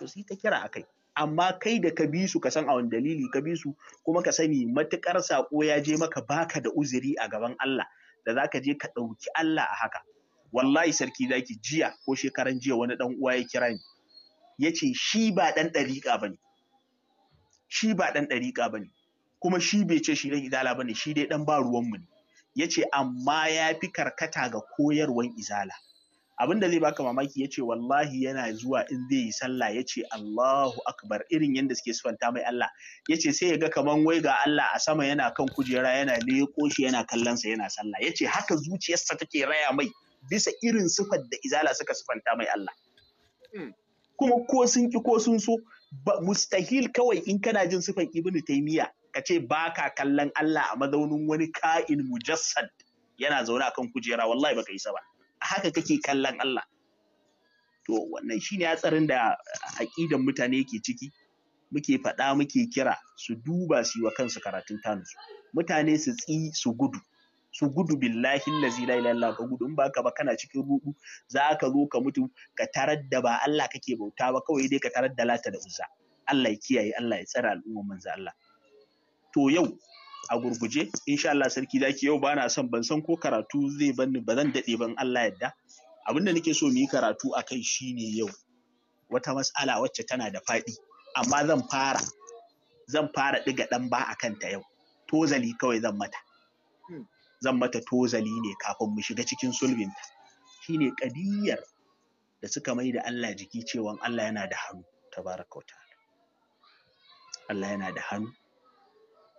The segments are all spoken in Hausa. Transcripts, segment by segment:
to sai ta kira akai amma kai da ka bi ka san a dalili ka bi kuma ka sani matukar sako ya je maka baka da uzuri a gaban Allah da zaka je ka ɗauki Allah a haka wallahi sarki zaki jiya ko shekaran jiya wani dan uwa ya kira ni yace shi ba dan dariƙa bane shi ba dan bane kuma shi bai ce shi dan izala bane shi dai ɗan ba ruwan mu ne yace amma ya fi karkata ga koyarwan izala abin da zai baka mamaki ya ce wallahi yana zuwa in zai yi sallah ya ce Allahu akbar irin yadda suke sufanta mai Allah ya ce sai ya ga kaman wai ga Allah a sama yana kan kujera yana leƙo shi yana kallon sa yana sallah ya ce haka zuciyarsa take raya mai bisa irin sifar da izala suka sufanta mai Allah hmm. kuma ko sun ki ko sun so mustahil kawai in kana jin sifar ibnu taymiya ka ce baka kallon Allah a mazaunin wani ka'in mujassad yana zaune akan kujera wallahi baka isa ba haka kake kallon Allah to wannan shi shine hatsarin da aƙidan mutane ke ciki muke faɗa muke kira su duba su wa kansu karatun tanus mutane su tsi su gudu su gudu billahi lazi la ilaha ka gudu in baka ba kana cikin ruɗu za ka zo ka mutu ka tarar da ba Allah kake bauta ba kawai dai ka tarar da lata da uzza Allah ya kiyaye Allah ya tsare al'umma manzo Allah to yau a gurguje insha Allah sarki zaki yau bana son ban san ko karatu zai bani ba zan dade ban Allah yadda Abin da nake so mu yi karatu akai shine yau wata mas'ala wacce tana da faɗi amma zan fara zan fara ɗiga ɗan ba a kanta yau tozali kawai zan mata hmm. zan mata tozali ne kafin mu shiga cikin ta shine kadiyar da suka mai da Allah jiki cewa Allah yana da hannu tabaraka wa ta'ala Allah yana da hannu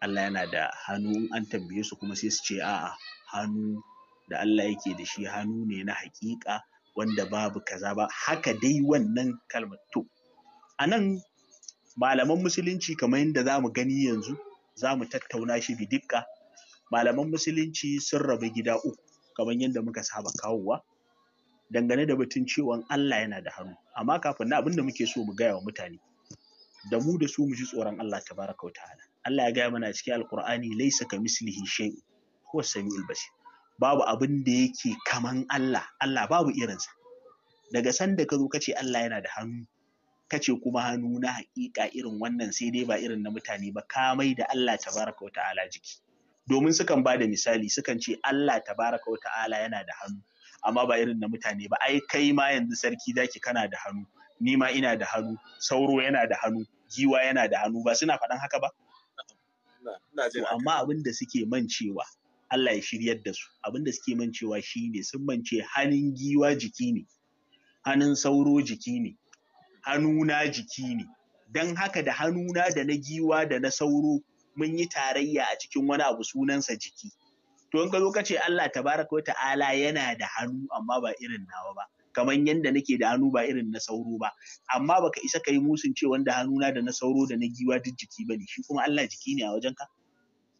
Allah yana da hannu in an tambaye su kuma sai su ce a'a hannu da Allah yake da shi hannu ne na haƙiƙa wanda babu kaza ba haka dai wannan kalmar to a nan malaman musulunci kamar yadda za mu gani yanzu za mu tattauna shi bidikka malaman musulunci sun rabu gida uku kamar yadda muka saba kawowa dangane da batun cewa Allah yana da hannu amma kafin na abin da muke so mu gaya wa mutane da mu da su mu ji tsoron Allah tabaraka wa ta'ala Allah ya gaya mana cikin alkur'ani laisa ka mislihi shay huwa samiul basir babu abin da yake kaman Allah Allah babu irinsa daga sanda ka zo kace Allah yana da hannu kace kuma hannu na haƙiƙa irin wannan sai dai ba irin na mutane ba kamai da Allah tabaraka wa ta'ala jiki domin sukan ba da misali sukan ce Allah tabaraka wa ta'ala yana da hannu amma ba irin na mutane ba ai kai ma yanzu sarki zaki kana da hannu ni ma ina da hannu sauro yana da hannu giwa yana da hannu ba suna faɗan haka ba to amma abin da suke mancewa Allah ya shiryar da su abin da suke mancewa ne, sun mance hannun giwa jiki ne hannun sauro jiki ne hannuna jiki ne don haka da hannuna da na giwa da na sauro mun yi tarayya a cikin wani abu sunansa jiki to in ka zo ka ce Allah tabaraka wa ta'ala yana da hannu amma ba irin nawa ba kamar yadda nake da hannu ba irin na sauro ba amma baka isa ka yi musun ce wanda hannuna da na sauro da na giwa duk jiki bane shi kuma Allah jiki ne a wajen ka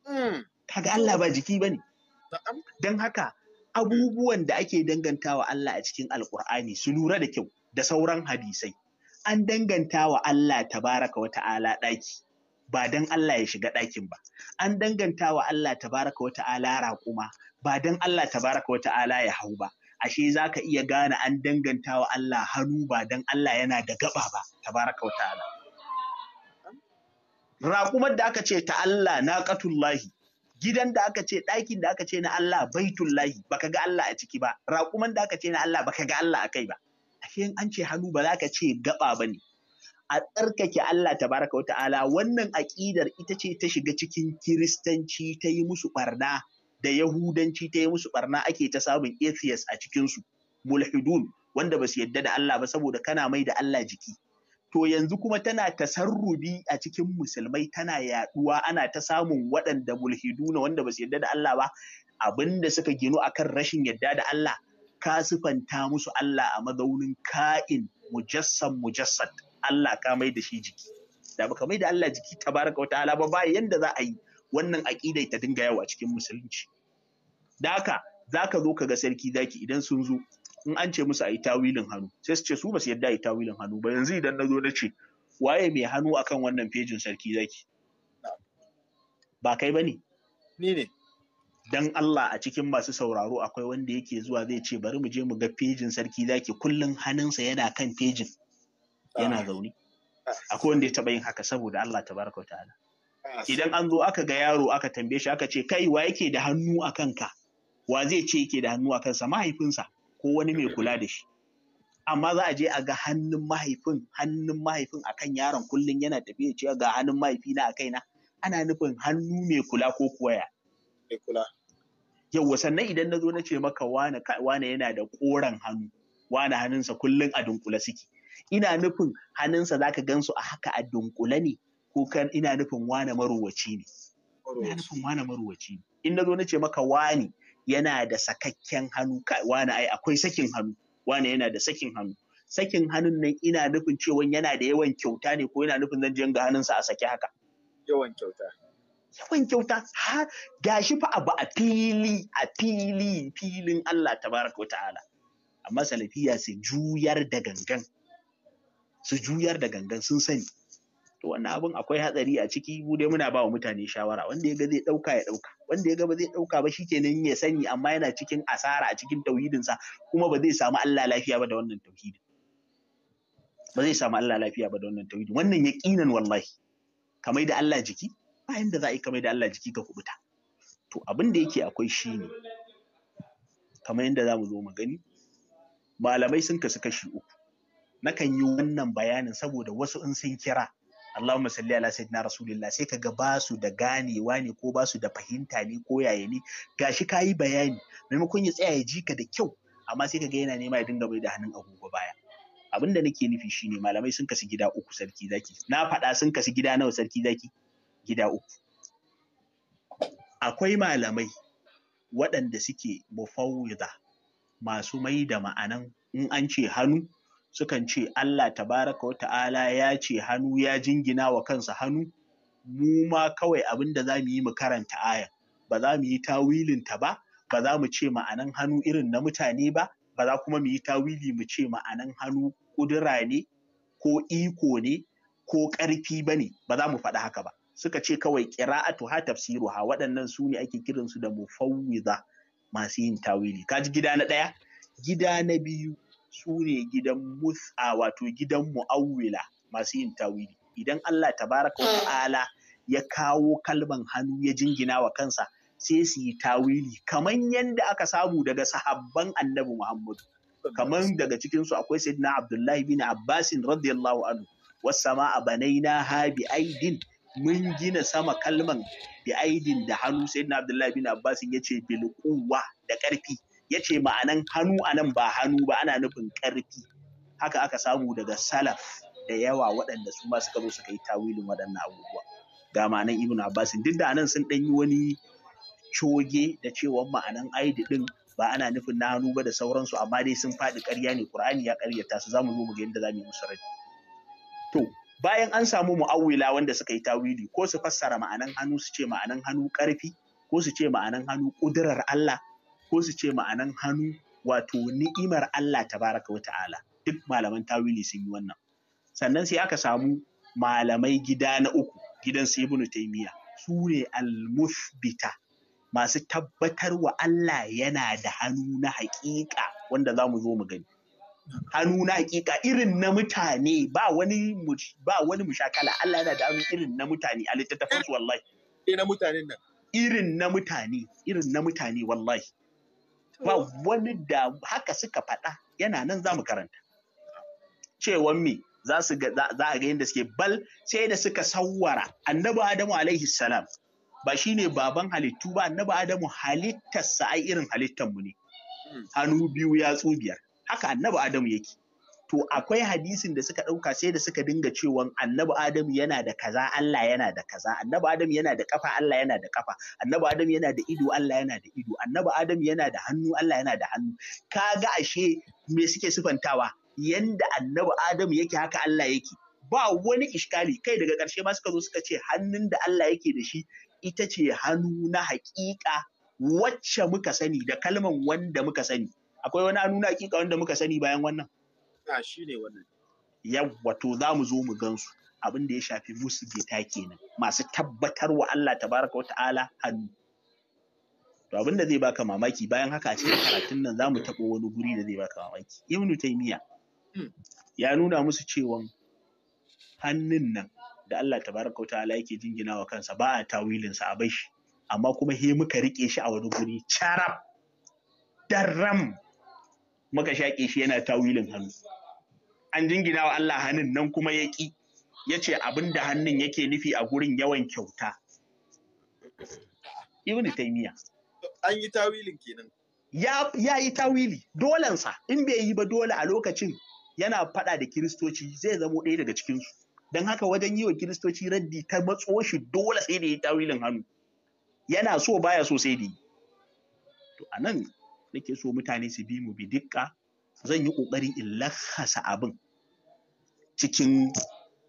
hmm. kaga Allah ba jiki bane don haka abubuwan da ake dangantawa Allah a cikin alkur'ani su lura da kyau da sauran hadisai an danganta wa Allah tabaraka wa ta'ala ɗaki ba don Allah ya shiga ɗakin ba an danganta wa Allah tabaraka wa ta'ala raƙuma ba dan Allah tabaraka wa ta'ala ya hau ba ashe za ka iya gane an danganta wa Allah hannu ba don Allah yana da gaba ba tabaraka wa ta'ala raƙumar da aka ce ta Allah na lahi, gidan da aka ce ɗakin da aka ce na Allah baitullahi baka ga Allah a ciki ba raƙuman da aka ce na Allah baka ga Allah a kai ba ashe an ce hannu ba za ka ce gaba ba ne a tsarkake Allah tabaraka wata'ala wannan aƙidar ita ce ta shiga cikin kiristanci ta yi musu ɓarna da yahudanci ta yi musu barna ake ta samun atheist a cikinsu mulhidun wanda ba su yadda da Allah ba saboda kana mai da Allah jiki to yanzu kuma tana tasarrubi a cikin musulmai tana yaduwa ana ta samun waɗanda mulhiduna wanda ba su yadda da Allah ba abinda suka ginu kan rashin yadda da Allah ka sifanta musu Allah a mazaunin ka'in mujassan mujassad Allah ka mai da shi jiki da baka mai da Allah jiki tabaraka wata ala ba ba yanda za a yi wannan aƙidai ta dinga yawa cikin musulunci da haka za ka zo ka ga sarki zaki idan sun zo in an ce musu a yi tawilin hannu sai su ce su ba su yadda a yi tawilin hannu ba yanzu idan na zo na ce waye mai hannu akan wannan fejin sarki zaki ba kai ba ne ni Allah a cikin masu sauraro akwai wanda yake zuwa zai ce bari mu je mu ga fejin sarki zaki kullum hannunsa yana kan fejin yana ah. zaune ah. akwai wanda ya taba yin haka saboda Allah tabaraka ta'ala ah. idan an zo aka ga yaro aka tambaye shi aka ce kai wa yake da hannu a kanka wa zai ce yake da hannu a kansa mahaifinsa ko wani mai kula da shi amma za a je a ga hannun mahaifin hannun mahaifin akan yaron kullum yana tafiya cewa ga hannun mahaifina a kaina ana nufin hannu mai kula ko kuwa ya mai kula yawa sannan idan na zo na ce maka wane wane yana da koren hannu wane hannunsa kullum a dunkule suke ina nufin hannunsa zaka gansu a haka a dunkule ne ko kan ina nufin wane maruwaci ne ina nufin wane maruwaci ne in na zo na ce maka wane yana da sakakken hannu wani ai akwai sakin hannu wani yana da sakin hannu sakin hannun nan ina nufin cewa yana da yawan kyauta ne ko yana nufin zan je ga hannunsa a sake haka yawan kyauta yawan kyauta ha gashi fa abu a fili a fili filin Allah tabaraka wa ta'ala amma salafiya su juyar da gangan su juyar da gangan sun sani to wannan abun akwai hatsari a ciki mu dai muna ba wa mutane shawara wanda ya ga zai ɗauka ya ɗauka wanda ya ga ba zai ɗauka ba shikenan ya sani amma yana cikin asara a cikin tauhidinsa kuma ba zai samu Allah lafiya ba da wannan tauhidin ba zai samu Allah lafiya ba da wannan tauhidin wannan yaqinan wallahi kamar da Allah jiki ba yanda za a yi kamar da Allah jiki ka kubuta to abin da yake akwai shine kamar yanda za mu zo mu gani malamai sun kasu kashi uku nakan yi wannan bayanin saboda wasu in sun kira Allahumma salli ala sayyidina rasulillah sai kaga ba su da ganewa ne ko ba su da fahimta ne ko yaya ne gashi kayi bayani maimakon ya tsaya ya ji ka da kyau amma sai kaga yana nema ya dinga bai da hannun agogo baya abin da nake nufi shine malamai sun kasu gida uku sarki zaki na faɗa sun kasu gida nawa sarki zaki gida uku akwai malamai waɗanda suke mufawwida masu mai da ma'anan in an ce hannu sukan ce Allah tabaraka wa ta'ala ya ce hannu ya jingina wa kansa hannu mu ma kawai abin da za mu yi mu karanta ayan ba za mu yi tawilin ta ba ba za mu ce ma'anan hannu irin na mutane ba ba za kuma mu yi tawili mu ce ma'anan hannu kudura ne ko iko ne ko ƙarfi ba ne ba za mu faɗi haka ba suka ce kawai ƙira'atu ha tafsiru ha waɗannan su ne ake kiransu da mufawwiza masu yin tawili Ka ji gida na ɗaya gida na biyu su ne gidan mus'a wato gidan mu'awwila masu yin tawili idan Allah tabaraka wa ta'ala ya kawo kalman hannu ya jingina wa kansa sai su yi tawili kamar yadda aka samu daga sahabban annabi Muhammadu kamar daga cikinsu akwai sayyidina Abdullahi bin Abbas radiyallahu anhu wasama a banaina ha bi aidin mun gina sama kalman bi aidin da hannu sayyidina Abdullahi bin Abbas ya ce bil da ƙarfi ya ce ma'anan hannu a nan ba hannu ba ana nufin ƙarfi haka aka samu daga salaf da yawa waɗanda su ma suka zo suka yi tawilin waɗannan abubuwa ga ma'anan ibn abbas duk da nan sun ɗan yi wani coge da cewa ma'anan aidi ɗin ba ana nufin na hannu ba da sauransu amma dai sun faɗi ƙarya ne ƙur'ani ya ƙaryata su mu zo mu ga yadda za mu yi musu rai to bayan an samu mu'awwila wanda suka yi tawili ko su fassara ma'anan hannu su ce ma'anan hannu ƙarfi ko su ce ma'anan hannu ƙudurar Allah ko su ce ma'anan hannu wato ni'imar Allah tabaraka wa ta'ala duk malaman tawili sun yi wannan sannan sai aka samu malamai gida na uku gidan su ibnu taymiya su ne al-muthbita masu tabbatar wa Allah yana da hannu na haƙiƙa wanda za mu zo mu gani hannu na hakika irin na mutane ba wani ba wani mushakala Allah yana da hannu irin na mutane a littattafan su wallahi eh, na mutanen nan irin na mutane irin na mutane wallahi ba wani da haka suka faɗa yana nan za mu karanta cewan me za su ga za a ga yadda suke bal sai da suka sawwara annabi adamu alaihi salam ba shine baban halittu ba annabi adamu halittarsa ai irin halittar mu ne hmm. hannu biyu ya biyar haka annabi adamu yake to akwai hadisin da suka ɗauka sai da suka dinga cewa annabi adamu yana da kaza Allah yana da kaza annabi adamu yana da kafa Allah yana da kafa annabi adamu yana da ido Allah yana da ido annabi adamu yana da hannu Allah yana da hannu kaga ashe me suke sifantawa yanda annabi adamu yake haka Allah yake ba wani iskali kai daga ƙarshe ma suka zo suka ce hannun da Allah yake da shi ita ce hannu na haƙiƙa wacce muka sani da kalman wanda muka sani akwai wani hannu na haƙiƙa wanda muka sani bayan wannan a wato ne za mu zo mu gansu abin da ya shafi musu geta kenan masu tabbatar wa Allah tabaraka wata'ala hannu to abin da zai baka mamaki bayan haka a cikin karatun nan za mu taɓo wani guri da zai baka mamaki ibn taymiya hmm. ya nuna musu cewa hannun nan da Allah tabaraka wata'ala yake jingina wa kansa ba a tawilin sa a bai shi amma kuma he muka rike shi a wani guri charab darram muka shaƙe shi yana tawilin hannu an jingina wa Allah hannun nan kuma ya ƙi ya ce abin da hannun yake nufi a gurin yawan kyauta ibn taymiya an yi tawilin kenan ya ya yi tawili dolansa in bai yi ba dole a lokacin yana faɗa da kiristoci zai zamo ɗaya daga cikinsu don haka wajen yi wa kiristoci raddi ta matso shi dole sai da yi tawilin hannu yana so baya so sai da yi to anan nake so mutane su bi mu bi dukka zan yi ƙoƙari in lakasa abin cikin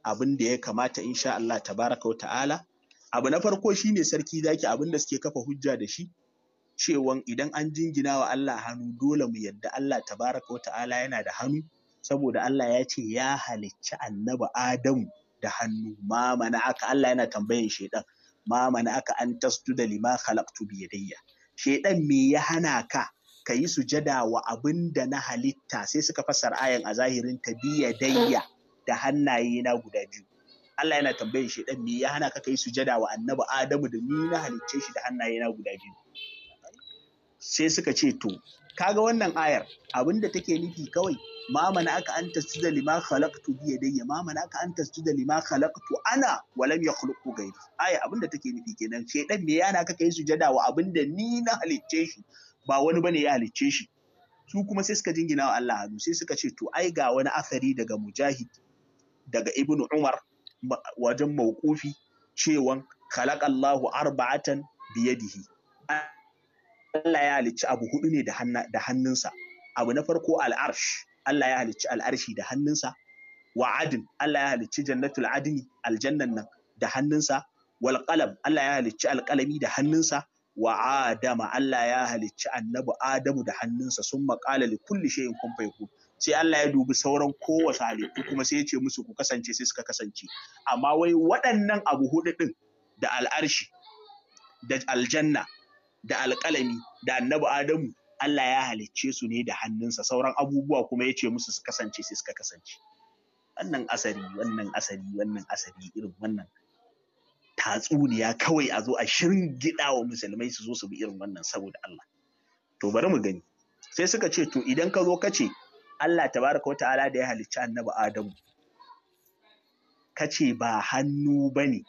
abin da ya kamata insha Allah tabaraka wa ta'ala abu na farko shine sarki zaki abin da suke kafa hujja da shi cewan idan an jingina wa Allah hannu dole mu yadda Allah tabaraka wa ta'ala yana da hannu saboda Allah ya ce ya halicci annabi Adamu da hannu ma mana aka Allah yana tambayan shedan ma mana aka an tasjuda lima khalaqtu bi yadayya shedan me ya hana ka ka yi sujada wa abin da na halitta sai suka fasar ayan a zahirin ta biya dayya da hannaye na guda biyu Allah yana tambayin shi dan me ya hana ka kai sujada wa annabi Adamu da ni na halicce shi da hannaye na guda biyu sai suka ce to kaga wannan ayar abin da take nufi kawai ma mana aka an da lima khalaqtu biya yadayya ma mana aka an da lima khalaqtu ana wa lam yakhluqu ghairi aya abin da take nufi kenan shedan me yana kaka yi sujada wa abin da ni na halicce shi ba wani bane ya halicce shi su kuma sai suka jingina wa Allah hannu sai suka ce to ai ga wani asari daga mujahid daga ibnu umar wajen mawqufi cewan khalaqallahu arba'atan biyadihi Allah ya halicci abu hudu ne da hannunsa abu na farko al'arsh Allah ya halicci al'arshi da hannunsa wa adin Allah ya halicci jannatul adini aljannan nan da hannunsa wal qalam Allah ya halicci alqalami da hannunsa wa adama Allah ya halicci annabi Adamu da hannunsa sun maƙala li kulli shay'in kun fayku sai Allah ya dubi sauran kowace halittu kuma sai ya ce musu ku kasance sai suka kasance amma wai waɗannan abu hudu din da al'arshi da aljanna da alƙalami da annabi Adamu Allah ya halicce su ne da hannunsa sauran abubuwa kuma ya ce musu su kasance sai suka kasance wannan asari wannan asari wannan asari irin wannan tatsuniya kawai a zo a shirin gida wa musulmai su zo su bi irin wannan saboda Allah to bari mu gani sai suka ce to idan ka zo ka ce Allah tabaraka wata'ala da ya halicci annabi Adamu ka ce ba hannu ba ne?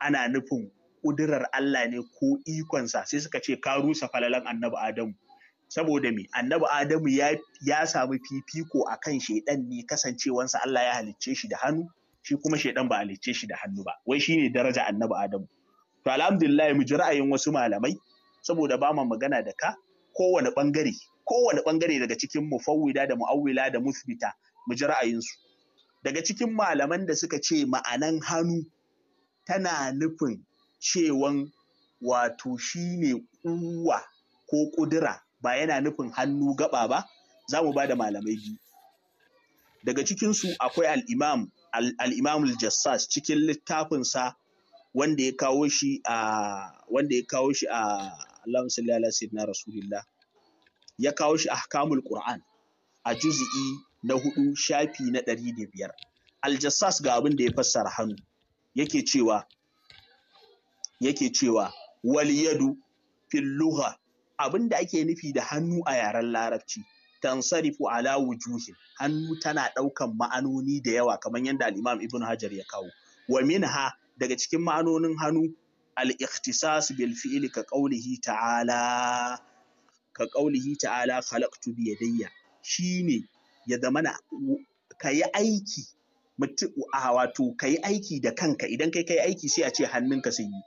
ana nufin ƙudurar Allah ne ko ikonsa sai suka ce ka rusa falalan annabi Adamu saboda me annabi Adamu ya, ya samu fifiko kan shaidan ne kasancewansa Allah ya halicce shi da hannu shi kuma shaidan ba a halicce shi da hannu ba wai shine daraja annabi adamu to alhamdulillah mu ji ra'ayin wasu malamai saboda ba ma magana da ka kowane bangare kowane bangare daga cikin mufawwida da mu'awwila da musbita mu ji ra'ayinsu daga cikin malaman da suka ce ma'anan hannu tana nufin cewan wato shine kuwa ko kudura ba yana nufin hannu gaba ba za mu ba malamai biyu daga cikinsu akwai al'imam al-imam al-jassas cikin littafinsa wanda ya kawo shi a wanda ya kawo shi a Allahumma salli ala sayyidina rasulillah ya kawo shi ahkamul qur'an a juz'i na hudu shafi na ɗari da biyar aljassas ga abin da ya fassara hannu yake cewa yake cewa wal yadu fil lugha abin ake nufi da hannu a yaren larabci tansarifu ala wujuhin hannu tana ɗaukan ma'anoni da yawa kamar yadda al-Imam Ibn Hajar ya kawo wa minha daga cikin ma'anonin hannu al-ikhtisas bil fi'li ka qawlihi ta'ala ka qawlihi ta'ala khalaqtu bi yadayya shine ya zamana kayi aiki a wato kayi aiki da kanka idan kai kayi aiki sai a ce hannunka sai yi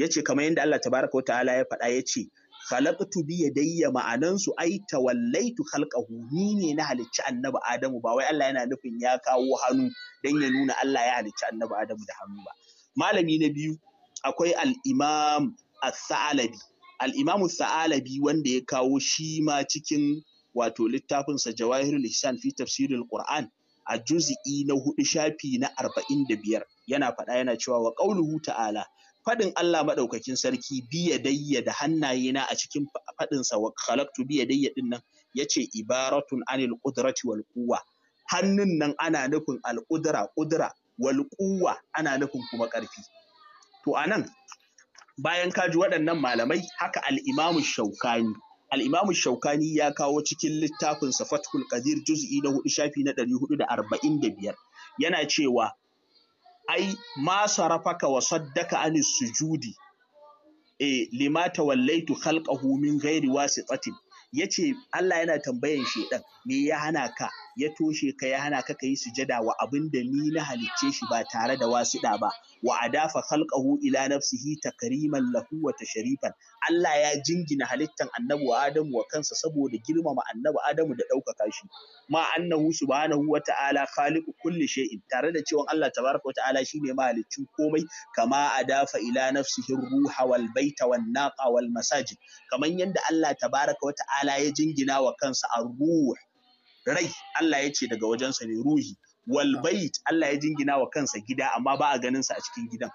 yace kamar yadda Allah tabaraka wa ta'ala ya faɗa yace khalaqtu bi yadayya ma'anan su ai tawallaitu khalqahu ni ne na halicci annabi Adamu ba wai Allah yana nufin ya kawo hannu dan ya nuna Allah ya halicci annabi Adamu da hannu ba malami na biyu akwai al-imam as-sa'alabi al-imam as-sa'alabi wanda ya kawo shi ma cikin wato littafinsa jawahirul lisan fi tafsiril qur'an a juz'i na hudu shafi na arba'in da biyar yana faɗa yana cewa wa ƙauluhu ta'ala faɗin Allah maɗaukakin sarki biya dayya da hannayena a cikin faɗinsa wa khalaqtu biya dayya din nan yace ibaratun anil qudrati wal hannun nan ana nufin al qudra qudra wal ana nufin kuma ƙarfi to anan bayan ka ji waɗannan malamai haka al Shaukani al Shaukani ya kawo cikin littafinsa Fathul Qadir juz'i na hudu shafi na ɗari da da arba'in biyar, yana cewa ai ma ka wa saddaka anis sujudi e lima tawallaitu khalqahu min ghairi wasitatin yace Allah yana tambayan shedan me ya hana ka ya toshe ka ya hana ka yi sujada wa abin da ni na halicce shi ba tare da wasiɗa ba wa adafa khalqahu ila nafsihi takriman lahu wa Tasharifan. Allah ya jingina halittan annabi Adamu wa kansa saboda girmama annabi Adamu da ɗaukaka shi ma annahu subhanahu wa ta'ala khaliqu kulli shay'in tare da cewa Allah tabaraka wa ta'ala shine mahaliccin komai kama adafa ila nafsihi ruha wal baita wan naqa wal masajid kaman yanda Allah tabaraka wa ta'ala ya jingina wa kansa ar-ruh rai Allah ya ce daga wajensa ne ruhi wal bait Allah ya jingina wa kansa gida amma ba a ganin sa a cikin gidan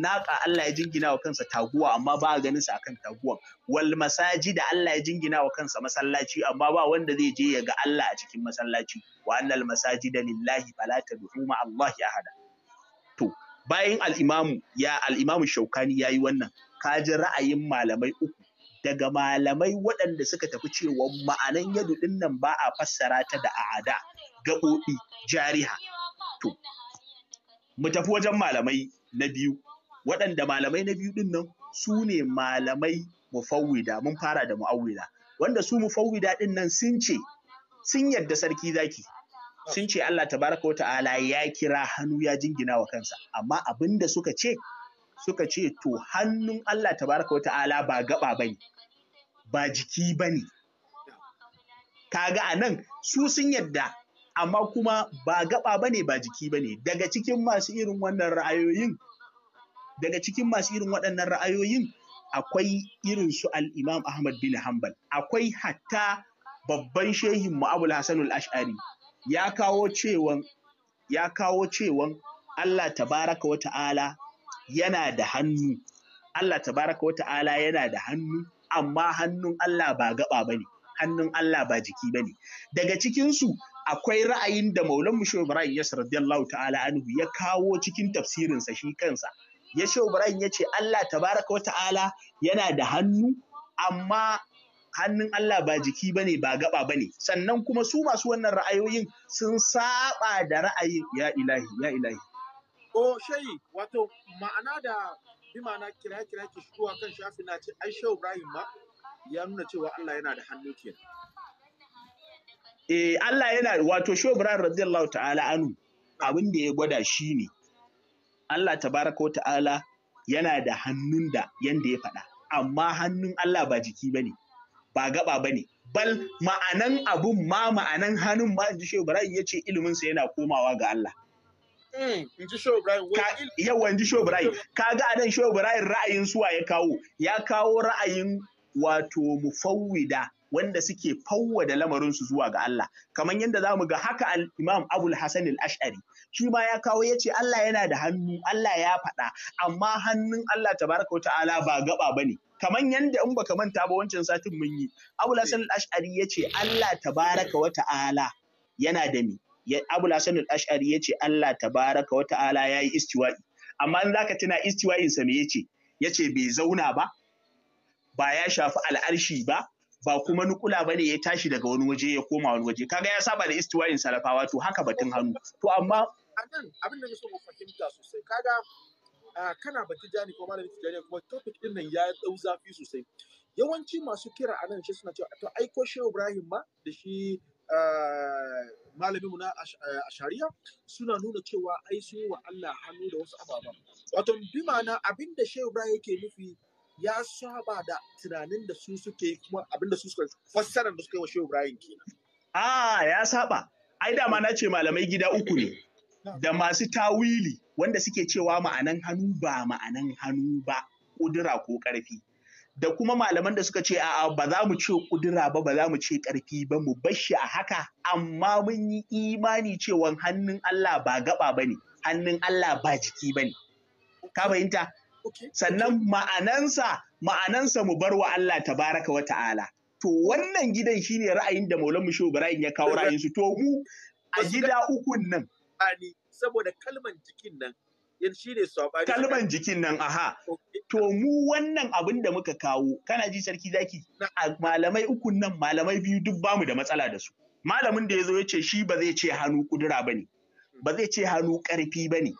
naqa Allah ya jingina wa kansa taguwa amma ba a ganin sa akan taguwan wal masajida Allah ya jingina wa kansa masallaci amma ba wanda zai je ya ga Allah a cikin masallaci wa annal masajida lillahi fala tad'u ma Allah ahada to bayan al-imamu ya al-imamu shaukani yayi wannan ka ji ra'ayin malamai uku daga malamai waɗanda suka tafi cewa ma'anan yadu ɗin nan ba a fassara ta da a'ada gaɓoɓi jariha to mu tafi wajen malamai na biyu waɗanda malamai na biyu ɗin nan su ne malamai mufawwida mun fara da mu'awwida wanda su mufawwida ɗin nan sun ce sun yarda sarki zaki sun ce Allah tabaraka wa ta'ala ya kira hannu ya jingina wa kansa amma abinda suka ce suka ce to hannun Allah tabaraka wa ta'ala ba gaba bane ba jiki ba ne kaga a nan su sun yadda amma kuma ba gaba ba ne ba jiki ba ne daga cikin masu irin wannan ra'ayoyin daga cikin masu irin waɗannan ra'ayoyin akwai irin su al'imam ahmad bin hanbal akwai hatta babban shehin mu'abul hasanul ash'ari ya kawo cewan ya kawo cewan allah tabaraka wa ta'ala yana da hannu allah tabaraka wa ta'ala yana da hannu amma hannun Allah ba gaba ba ne hannun Allah ba jiki ba ne daga cikinsu akwai ra'ayin da maulan mushe ibrahim yasir radiyallahu ta'ala anhu ya kawo cikin tafsirinsa shi kansa ya ce ibrahim ya ce Allah tabaraka wa ta'ala yana da hannu amma hannun Allah ba jiki ba ne ba gaba ba ne sannan kuma su masu wannan ra'ayoyin sun saba da ra'ayi ya ilahi ya ilahi o oh, shayi wato ma'ana da bi ma'ana kira kira ki shigo kan shafi na ce ai shehu ibrahim ma ya nuna cewa Allah yana da hannu ke eh Allah yana wato shehu ibrahim radiyallahu ta'ala anu abin da ya gwada shi ne Allah tabaraka ta'ala yana da hannun da yanda ya faɗa amma hannun Allah ba jiki bane ba gaba bane bal ma'anan abun ma ma'anan hannun ma in ji shehu ibrahim ya ce iliminsa yana komawa ga Allah Yawa in ji Shobirai. ga anan Shobirai ra'ayin suwa ya kawo. Ya kawo ra'ayin wato mufawwida wanda suke fawwada su zuwa ga Allah. Kamar yadda za mu ga haka Imam Abul hasan al-Ash'ari. Shi ma ya kawo ya ce Allah yana da hannu, Allah ya faɗa, amma hannun Allah tabaraka wa ta'ala ba gaba ba ne. kamar yadda in baka manta ba wancan satin mun yi Abu Hasan al-Ash'ari yace Allah tabaraka wa ta'ala yana da ni Abu Hasan al-Ash'ari yace Allah tabaraka wa ta'ala yayi istiwa'i amma in zaka tuna istiwa'in sa me yace yace bai zauna ba ba ya shafi al'arshi ba ba kuma nukula ba ne ya tashi daga wani waje ya koma wani waje kaga ya saba da istiwayin salafawa to haka batun hannu to amma anan abin da so mu fahimta sosai kaga kana batun jani ko malamin tijani kuma topic din nan ya dau zafi sosai yawanci masu kira anan shi suna cewa to aiko shehu ibrahim ma da shi Eh, malaminmu na a eh, ashariya suna nuna cewa ai sun yi wa Allah hannu da wasu ababen. Wato bi ma'ana abin da Shehu Ibrahim yake nufi ya saba da tunanin da su suke kuma abin da su suka fassara da suka wa Shehu Ibrahim kenan. A ya saba. Ai da ma na ce malamai gida uku ne. Da masu tawili wanda suke cewa ma'anan hannu ba ma'anan hannu ba, ƙudura ko ƙarfi. da kuma malaman da suka ce a'a ba za mu ce kudura ba ba za mu ce karfi ba mu bashi a haka amma mun yi imani cewa hannun Allah ba gaba ba ne hannun Allah ba jiki ba ne ka fahimta sannan ma'anansa ma'anansa mu bar wa Allah tabaraka wa ta'ala to wannan gidan shine ra'ayin da Maulana Shehu Ibrahim ya kawo ra'ayin su to mu a gida ukun nan saboda kalman jikin nan kalban jikin nan aha to mu wannan abin da muka kawo kana ji sarki zaki a malamai uku nan malamai biyu duk bamu da matsala da su malamin da ya zo ya ce shi ba zai ce hannu kudura ba ne ba zai ce hannu karfi ba ne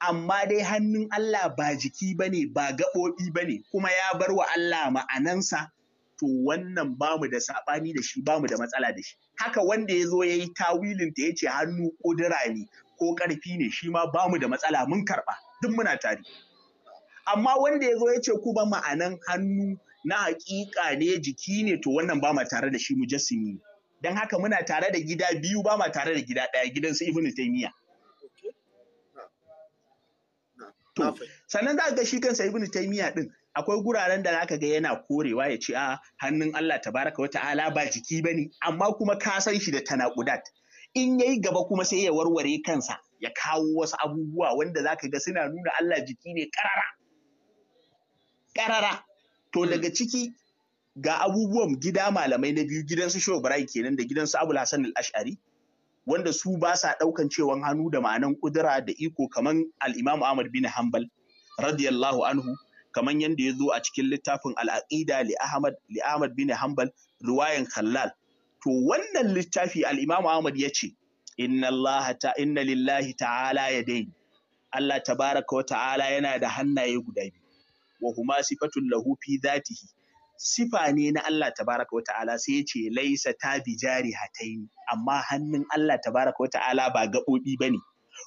amma dai hannun Allah ba jiki ba ne ba gaɓoɓi ba ne kuma ya bar wa Allah ma'anansa to wannan bamu da saɓani da shi bamu da matsala da shi haka wanda ya zo ya yi tawilin ta ya ce hannu ƙudura ne ko ƙarfi ne shi ma ba mu da matsala mun karɓa duk muna tari. Amma wanda ya zo ya ce ku ba ma'anan hannu na haƙiƙa ne jiki ne to wannan ba ma tare da shi mujassimi ne. Don haka muna tare da gida biyu ba ma tare da gida ɗaya gidan su Ibn Taymiyyah. To, sannan za ga shi kansa Ibn Taymiyyah din akwai guraren da zaka ga yana korewa ya ce a ah, hannun Allah tabaraka wata ala ba jiki bane amma kuma ka san shi da tanakudat in ya yi gaba kuma sai ya warware kansa ya kawo wasu abubuwa wanda za ka ga suna nuna Allah jiki ne karara karara to hmm. daga ciki ga abubuwan gida malamai na biyu gidansu Shehu Ibrahim kenan da gidansu Abu Hassan al-Ash'ari wanda su ba sa ɗaukan cewan hannu da ma'anan ƙudura da iko kaman al-Imam Ahmad bin Hanbal radiyallahu anhu kamar yadda ya zo a cikin littafin al-Aqida li Ahmad bin Hanbal riwayan Khallal to wannan littafi al’imamu Ahmad ya ce inna lillahi ta'ala ya dai, Allah tabaraka wa ta'ala yana da hannaye guda biyu wa huma sifatun lahu fi sifa ne na Allah baraka wa ta'ala sai ya ce laisa ta jari hataini amma hannun Allah tabaraka wa ta'ala ba gaɓoɓi bane